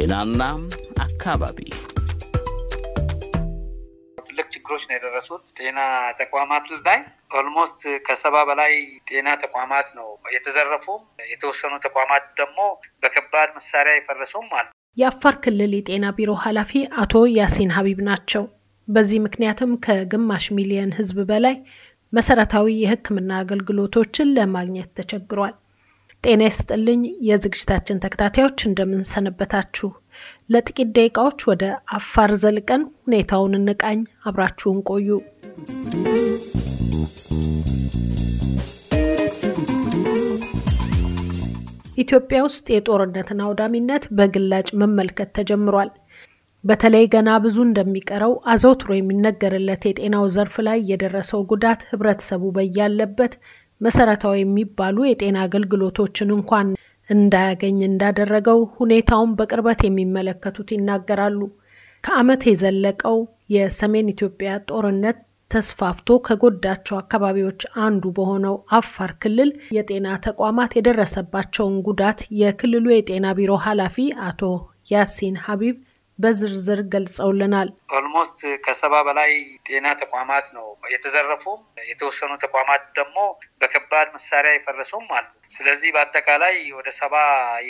ጤናና አካባቢ ትልቅ ችግሮች ነው የደረሱት ጤና ተቋማት ላይ ኦልሞስት ከሰባ በላይ ጤና ተቋማት ነው የተዘረፉ የተወሰኑ ተቋማት ደግሞ በከባድ መሳሪያ የፈረሱም አለ የአፋር ክልል የጤና ቢሮ ኃላፊ አቶ ያሲን ሀቢብ ናቸው። በዚህ ምክንያትም ከግማሽ ሚሊየን ህዝብ በላይ መሰረታዊ የህክምና አገልግሎቶችን ለማግኘት ተቸግሯል። ጤና ይስጥልኝ የዝግጅታችን ተከታታዮች እንደምንሰነበታችሁ። ለጥቂት ደቂቃዎች ወደ አፋር ዘልቀን ሁኔታውን እንቃኝ። አብራችሁን ቆዩ። ኢትዮጵያ ውስጥ የጦርነትን አውዳሚነት በግላጭ መመልከት ተጀምሯል። በተለይ ገና ብዙ እንደሚቀረው አዘውትሮ የሚነገርለት የጤናው ዘርፍ ላይ የደረሰው ጉዳት ህብረተሰቡ በያለበት መሰረታዊ የሚባሉ የጤና አገልግሎቶችን እንኳን እንዳያገኝ እንዳደረገው ሁኔታውን በቅርበት የሚመለከቱት ይናገራሉ። ከዓመት የዘለቀው የሰሜን ኢትዮጵያ ጦርነት ተስፋፍቶ ከጎዳቸው አካባቢዎች አንዱ በሆነው አፋር ክልል የጤና ተቋማት የደረሰባቸውን ጉዳት የክልሉ የጤና ቢሮ ኃላፊ አቶ ያሲን ሀቢብ በዝርዝር ገልጸውልናል። ኦልሞስት ከሰባ በላይ ጤና ተቋማት ነው የተዘረፉም፣ የተወሰኑ ተቋማት ደግሞ በከባድ መሳሪያ የፈረሱም አሉ። ስለዚህ በአጠቃላይ ወደ ሰባ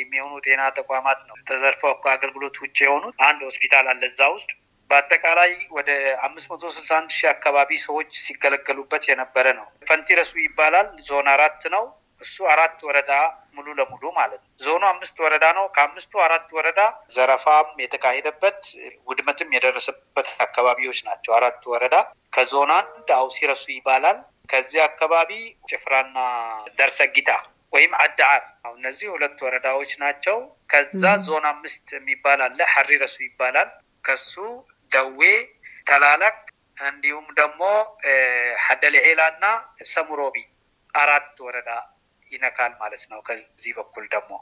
የሚሆኑ ጤና ተቋማት ነው ተዘርፈው አገልግሎት ውጭ የሆኑት። አንድ ሆስፒታል አለ እዛ ውስጥ በአጠቃላይ ወደ አምስት መቶ ስልሳ አንድ ሺህ አካባቢ ሰዎች ሲገለገሉበት የነበረ ነው። ፈንቲረሱ ይባላል። ዞን አራት ነው እሱ አራት ወረዳ ሙሉ ለሙሉ ማለት ነው። ዞኑ አምስት ወረዳ ነው። ከአምስቱ አራት ወረዳ ዘረፋም የተካሄደበት ውድመትም የደረሰበት አካባቢዎች ናቸው። አራት ወረዳ ከዞን አንድ አውሲረሱ ይባላል። ከዚህ አካባቢ ጭፍራና ደርሰጊታ ወይም አዳአር አሁ እነዚህ ሁለት ወረዳዎች ናቸው። ከዛ ዞን አምስት የሚባል አለ፣ ይባላል። ከሱ ደዌ ተላላክ እንዲሁም ደግሞ ሐደልዒላ እና ሰሙሮቢ አራት ወረዳ ይነካል ማለት ነው። ከዚህ በኩል ደግሞ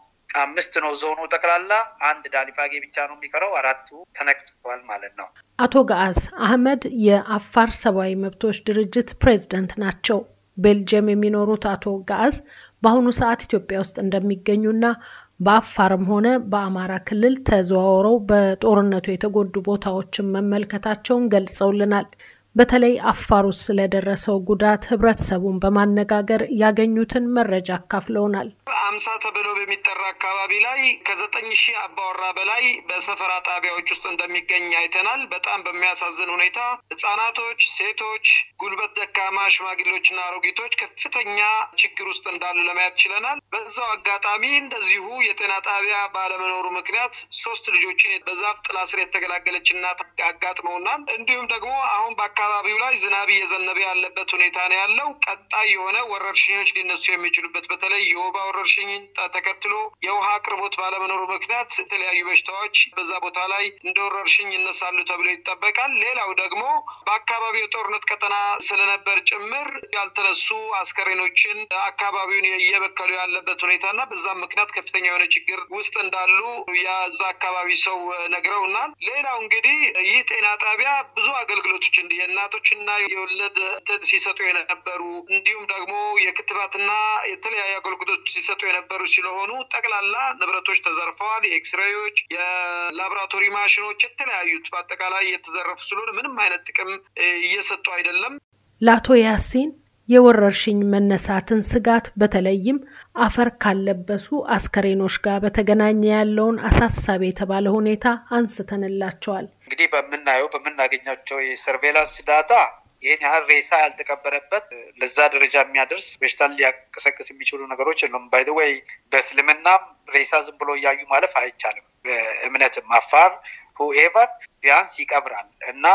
አምስት ነው ዞኑ ጠቅላላ፣ አንድ ዳሊፋጌ ብቻ ነው የሚቀረው። አራቱ ተነክተዋል ማለት ነው። አቶ ገአዝ አህመድ የአፋር ሰብአዊ መብቶች ድርጅት ፕሬዝደንት ናቸው። ቤልጅየም የሚኖሩት አቶ ገአዝ በአሁኑ ሰዓት ኢትዮጵያ ውስጥ እንደሚገኙና በአፋርም ሆነ በአማራ ክልል ተዘዋውረው በጦርነቱ የተጎዱ ቦታዎችን መመልከታቸውን ገልጸውልናል። በተለይ አፋር ውስጥ ስለደረሰው ጉዳት ህብረተሰቡን በማነጋገር ያገኙትን መረጃ አካፍለውናል። አምሳ ተብሎ በሚጠራ አካባቢ ላይ ከዘጠኝ ሺህ አባወራ በላይ በሰፈራ ጣቢያዎች ውስጥ እንደሚገኝ አይተናል። በጣም በሚያሳዝን ሁኔታ ህጻናቶች፣ ሴቶች፣ ጉልበት ደካማ፣ ሽማግሌዎችና አሮጊቶች ከፍተኛ ችግር ውስጥ እንዳሉ ለማየት ችለናል። በዛው አጋጣሚ እንደዚሁ የጤና ጣቢያ ባለመኖሩ ምክንያት ሶስት ልጆችን በዛፍ ጥላ ስር የተገላገለች እናት አጋጥመውናል። እንዲሁም ደግሞ አሁን በአካባቢው ላይ ዝናብ እየዘነበ ያለበት ሁኔታ ነው ያለው። ቀጣይ የሆነ ወረርሽኞች ሊነሱ የሚችሉበት በተለይ የወባ ወረርሽ ወረርሽኝን ተከትሎ የውሃ አቅርቦት ባለመኖሩ ምክንያት የተለያዩ በሽታዎች በዛ ቦታ ላይ እንደ ወረርሽኝ ይነሳሉ ተብሎ ይጠበቃል። ሌላው ደግሞ በአካባቢው የጦርነት ቀጠና ስለነበር ጭምር ያልተነሱ አስከሬኖችን አካባቢውን እየበከሉ ያለበት ሁኔታና በዛም ምክንያት ከፍተኛ የሆነ ችግር ውስጥ እንዳሉ የዛ አካባቢ ሰው ነግረውናል። ሌላው እንግዲህ ይህ ጤና ጣቢያ ብዙ አገልግሎቶች የእናቶችና የወለድ ሲሰጡ የነበሩ እንዲሁም ደግሞ የክትባትና የተለያዩ አገልግሎቶች ሲሰጡ የነበሩ ስለሆኑ ጠቅላላ ንብረቶች ተዘርፈዋል። የኤክስሬዎች፣ የላብራቶሪ ማሽኖች፣ የተለያዩት በአጠቃላይ የተዘረፉ ስለሆነ ምንም አይነት ጥቅም እየሰጡ አይደለም። ለአቶ ያሲን የወረርሽኝ መነሳትን ስጋት በተለይም አፈር ካለበሱ አስከሬኖች ጋር በተገናኘ ያለውን አሳሳቢ የተባለ ሁኔታ አንስተንላቸዋል። እንግዲህ በምናየው በምናገኛቸው የሰርቬላንስ ዳታ ይህን ያህል ሬሳ ያልተቀበረበት ለዛ ደረጃ የሚያደርስ በሽታን ሊያቀሰቅስ የሚችሉ ነገሮች የሉም። ባይደወይ በእስልምናም ሬሳ ዝም ብሎ እያዩ ማለፍ አይቻልም። በእምነትም አፋር ሁኤቨር ቢያንስ ይቀብራል እና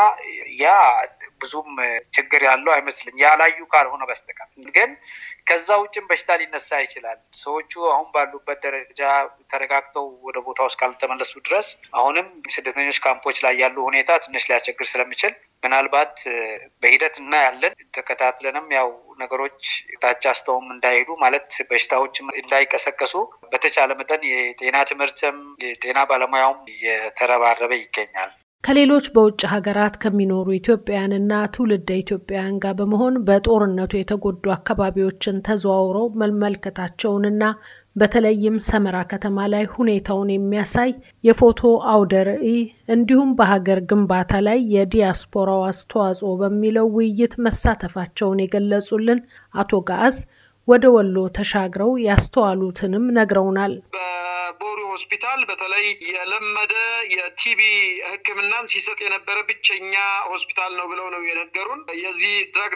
ያ ብዙም ችግር ያለው አይመስልም ያላዩ ካልሆነ በስተቀር ግን ከዛ ውጭም በሽታ ሊነሳ ይችላል። ሰዎቹ አሁን ባሉበት ደረጃ ተረጋግተው ወደ ቦታው እስካልተመለሱ ድረስ አሁንም ስደተኞች ካምፖች ላይ ያሉ ሁኔታ ትንሽ ሊያስቸግር ስለሚችል ምናልባት በሂደት እና ያለን ተከታትለንም ያው ነገሮች ታች አስተውም እንዳይሄዱ ማለት በሽታዎች እንዳይቀሰቀሱ በተቻለ መጠን የጤና ትምህርትም የጤና ባለሙያውም እየተረባረበ ይገኛል። ከሌሎች በውጭ ሀገራት ከሚኖሩ ኢትዮጵያውያንና ትውልደ ኢትዮጵያውያን ጋር በመሆን በጦርነቱ የተጎዱ አካባቢዎችን ተዘዋውረው መመልከታቸውንና በተለይም ሰመራ ከተማ ላይ ሁኔታውን የሚያሳይ የፎቶ አውደ ርዕይ እንዲሁም በሀገር ግንባታ ላይ የዲያስፖራው አስተዋጽኦ በሚለው ውይይት መሳተፋቸውን የገለጹልን አቶ ጋአዝ ወደ ወሎ ተሻግረው ያስተዋሉትንም ነግረውናል። ሆስፒታል በተለይ የለመደ የቲቢ ህክምናን ሲሰጥ የነበረ ብቸኛ ሆስፒታል ነው ብለው ነው የነገሩን። የዚህ ድራግ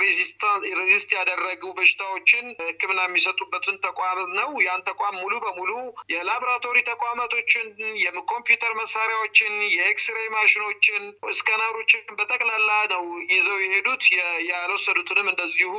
ሬዚስት ያደረጉ በሽታዎችን ህክምና የሚሰጡበትን ተቋም ነው። ያን ተቋም ሙሉ በሙሉ የላቦራቶሪ ተቋማቶችን፣ የኮምፒውተር መሳሪያዎችን፣ የኤክስሬይ ማሽኖችን፣ ስካነሮችን በጠቅላላ ነው ይዘው የሄዱት። ያልወሰዱትንም እንደዚሁ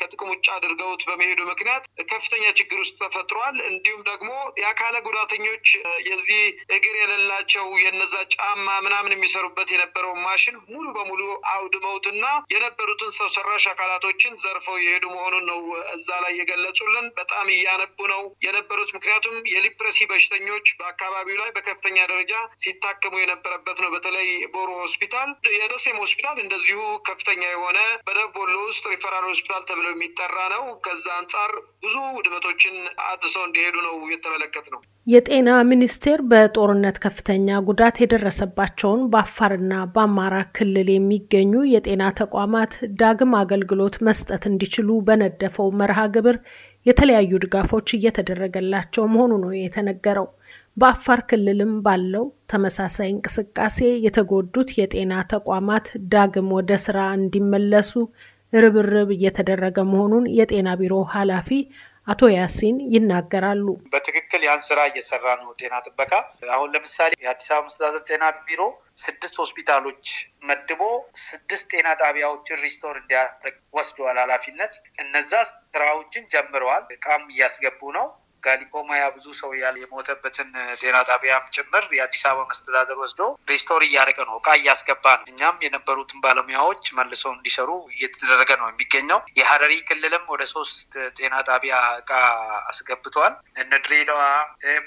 ከጥቅም ውጭ አድርገውት በመሄዱ ምክንያት ከፍተኛ ችግር ውስጥ ተፈጥሯል። እንዲሁም ደግሞ የአካለ ጉዳተኞች የዚህ እግር የሌላቸው የነዛ ጫማ ምናምን የሚሰሩበት የነበረው ማሽን ሙሉ በሙሉ አውድመውትና የነበሩትን ሰው ሰራሽ አካላቶችን ዘርፈው የሄዱ መሆኑን ነው እዛ ላይ የገለጹልን። በጣም እያነቡ ነው የነበሩት። ምክንያቱም የሊፕረሲ በሽተኞች በአካባቢው ላይ በከፍተኛ ደረጃ ሲታከሙ የነበረበት ነው። በተለይ ቦሩ ሆስፒታል፣ የደሴም ሆስፒታል እንደዚሁ ከፍተኛ የሆነ በደቡብ ወሎ ውስጥ ሪፈራል ሆስፒታል ተብሎ የሚጠራ ነው። ከዛ አንጻር ብዙ ውድመቶችን አድሰው እንዲሄዱ ነው የተመለከት ነው የጤና ሚኒስቴር በጦርነት ከፍተኛ ጉዳት የደረሰባቸውን በአፋርና በአማራ ክልል የሚገኙ የጤና ተቋማት ዳግም አገልግሎት መስጠት እንዲችሉ በነደፈው መርሃ ግብር የተለያዩ ድጋፎች እየተደረገላቸው መሆኑ ነው የተነገረው። በአፋር ክልልም ባለው ተመሳሳይ እንቅስቃሴ የተጎዱት የጤና ተቋማት ዳግም ወደ ስራ እንዲመለሱ ርብርብ እየተደረገ መሆኑን የጤና ቢሮ ኃላፊ አቶ ያሲን ይናገራሉ። በትክክል ያን ስራ እየሰራ ነው ጤና ጥበቃ። አሁን ለምሳሌ የአዲስ አበባ መስተዳደር ጤና ቢሮ ስድስት ሆስፒታሎች መድቦ ስድስት ጤና ጣቢያዎችን ሪስቶር እንዲያደርግ ወስደዋል ኃላፊነት። እነዛ ስራዎችን ጀምረዋል። እቃም እያስገቡ ነው። ጋሊፖማ ያ ብዙ ሰው ያለ የሞተበትን ጤና ጣቢያም ጭምር የአዲስ አበባ መስተዳደር ወስዶ ሬስቶር እያደረገ ነው፣ እቃ እያስገባ ነው። እኛም የነበሩትን ባለሙያዎች መልሰው እንዲሰሩ እየተደረገ ነው የሚገኘው። የሀረሪ ክልልም ወደ ሶስት ጤና ጣቢያ እቃ አስገብቷል። እነ ድሬዳዋ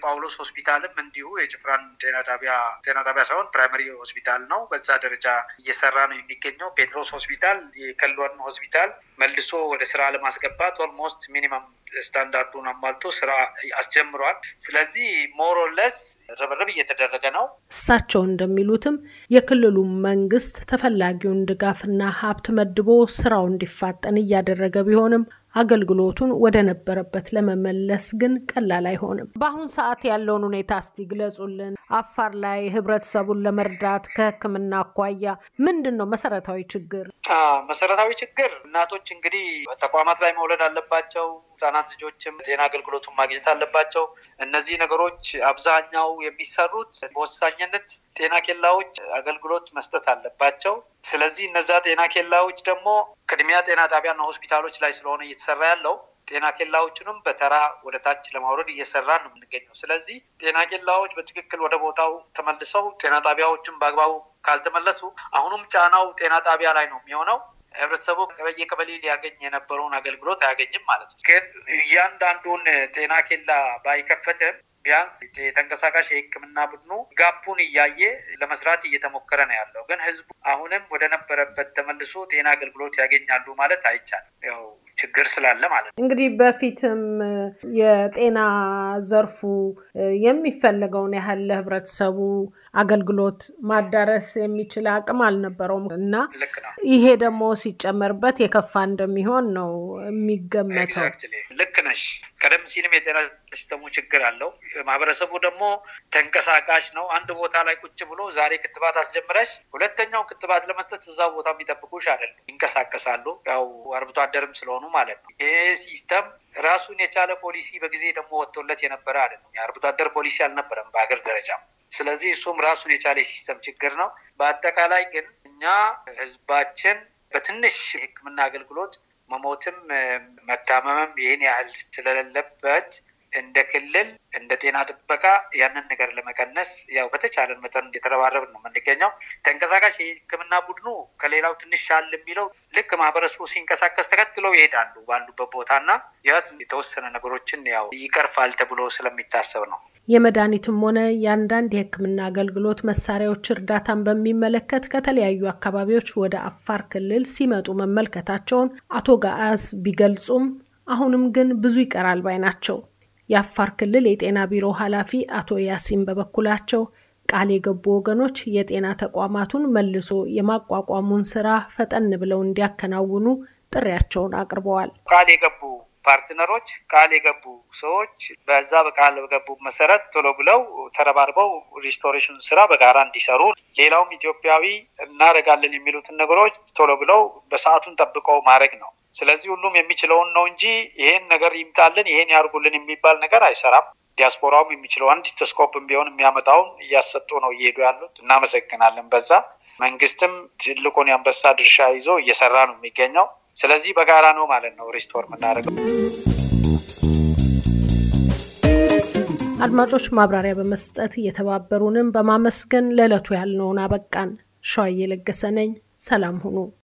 ጳውሎስ ሆስፒታልም እንዲሁ የጭፍራን ጤና ጣቢያ ጤና ጣቢያ ሳይሆን ፕራይመሪ ሆስፒታል ነው፣ በዛ ደረጃ እየሰራ ነው የሚገኘው። ጴጥሮስ ሆስፒታል የከሏን ሆስፒታል መልሶ ወደ ስራ ለማስገባት ኦልሞስት ሚኒመም ስታንዳርዱን አሟልቶ ስራ አስጀምሯል። ስለዚህ ሞሮለስ ርብርብ እየተደረገ ነው። እሳቸው እንደሚሉትም የክልሉ መንግስት ተፈላጊውን ድጋፍና ሀብት መድቦ ስራው እንዲፋጠን እያደረገ ቢሆንም አገልግሎቱን ወደ ነበረበት ለመመለስ ግን ቀላል አይሆንም። በአሁኑ ሰዓት ያለውን ሁኔታ እስቲ ግለጹልን። አፋር ላይ ህብረተሰቡን ለመርዳት ከህክምና አኳያ ምንድን ነው መሰረታዊ ችግር? መሰረታዊ ችግር እናቶች እንግዲህ ተቋማት ላይ መውለድ አለባቸው። ህጻናት ልጆችም ጤና አገልግሎቱን ማግኘት አለባቸው። እነዚህ ነገሮች አብዛኛው የሚሰሩት በወሳኝነት ጤና ኬላዎች አገልግሎት መስጠት አለባቸው። ስለዚህ እነዛ ጤና ኬላዎች ደግሞ ቅድሚያ ጤና ጣቢያና ሆስፒታሎች ላይ ስለሆነ እየተሰራ ያለው ጤና ኬላዎችንም በተራ ወደ ታች ለማውረድ እየሰራ ነው የምንገኘው። ስለዚህ ጤና ኬላዎች በትክክል ወደ ቦታው ተመልሰው ጤና ጣቢያዎችን በአግባቡ ካልተመለሱ አሁንም ጫናው ጤና ጣቢያ ላይ ነው የሚሆነው። ህብረተሰቡ ቀበሌ ሊያገኝ የነበረውን አገልግሎት አያገኝም ማለት ነው። ግን እያንዳንዱን ጤና ኬላ ባይከፈትም ቢያንስ የተንቀሳቃሽ የሕክምና ቡድኑ ጋፑን እያየ ለመስራት እየተሞከረ ነው ያለው። ግን ህዝቡ አሁንም ወደ ነበረበት ተመልሶ ጤና አገልግሎት ያገኛሉ ማለት አይቻልም። ያው ችግር ስላለ ማለት ነው። እንግዲህ በፊትም የጤና ዘርፉ የሚፈልገውን ያህል ለህብረተሰቡ አገልግሎት ማዳረስ የሚችል አቅም አልነበረውም እና ይሄ ደግሞ ሲጨመርበት የከፋ እንደሚሆን ነው የሚገመተው። ልክ ነሽ። ቀደም ሲልም የጤና ሲስተሙ ችግር አለው። ማህበረሰቡ ደግሞ ተንቀሳቃሽ ነው። አንድ ቦታ ላይ ቁጭ ብሎ ዛሬ ክትባት አስጀምረሽ ሁለተኛውን ክትባት ለመስጠት እዛው ቦታ የሚጠብቁሽ አይደለም። ይንቀሳቀሳሉ። ያው አርብቶ አደርም ስለሆኑ ማለት ነው። ይሄ ሲስተም ራሱን የቻለ ፖሊሲ በጊዜ ደግሞ ወጥቶለት የነበረ አይደለም። የአርብቶ አደር ፖሊሲ አልነበረም በሀገር ደረጃ ስለዚህ እሱም ራሱን የቻለ ሲስተም ችግር ነው። በአጠቃላይ ግን እኛ ህዝባችን በትንሽ የህክምና አገልግሎት መሞትም መታመምም ይህን ያህል ስለሌለበት እንደ ክልል እንደ ጤና ጥበቃ ያንን ነገር ለመቀነስ ያው በተቻለን መጠን እየተረባረብን ነው የምንገኘው። ተንቀሳቃሽ የህክምና ቡድኑ ከሌላው ትንሽ አል የሚለው ልክ ማህበረሰቡ ሲንቀሳቀስ ተከትለው ይሄዳሉ ባሉበት ቦታ እና ያት የተወሰነ ነገሮችን ያው ይቀርፋል ተብሎ ስለሚታሰብ ነው። የመድኃኒትም ሆነ የአንዳንድ የሕክምና አገልግሎት መሳሪያዎች እርዳታን በሚመለከት ከተለያዩ አካባቢዎች ወደ አፋር ክልል ሲመጡ መመልከታቸውን አቶ ጋአስ ቢገልጹም አሁንም ግን ብዙ ይቀራል ባይ ናቸው። የአፋር ክልል የጤና ቢሮ ኃላፊ አቶ ያሲን በበኩላቸው ቃል የገቡ ወገኖች የጤና ተቋማቱን መልሶ የማቋቋሙን ስራ ፈጠን ብለው እንዲያከናውኑ ጥሪያቸውን አቅርበዋል። ቃል የገቡ ፓርትነሮች ቃል የገቡ ሰዎች በዛ በቃል በገቡ መሰረት ቶሎ ብለው ተረባርበው ሪስቶሬሽን ስራ በጋራ እንዲሰሩ፣ ሌላውም ኢትዮጵያዊ እናደርጋለን የሚሉትን ነገሮች ቶሎ ብለው በሰዓቱን ጠብቀው ማድረግ ነው። ስለዚህ ሁሉም የሚችለውን ነው እንጂ ይሄን ነገር ይምጣልን፣ ይሄን ያርጉልን የሚባል ነገር አይሰራም። ዲያስፖራውም የሚችለው አንድ ቴሌስኮፕም ቢሆን የሚያመጣውን እያሰጡ ነው እየሄዱ ያሉት። እናመሰግናለን። በዛ መንግስትም ትልቁን የአንበሳ ድርሻ ይዞ እየሰራ ነው የሚገኘው። ስለዚህ በጋራ ነው ማለት ነው ሪስቶር የምናደርገው። አድማጮች ማብራሪያ በመስጠት እየተባበሩንም በማመስገን ለዕለቱ ያልነውን አበቃን። ሸዋ እየለገሰ ነኝ። ሰላም ሁኑ።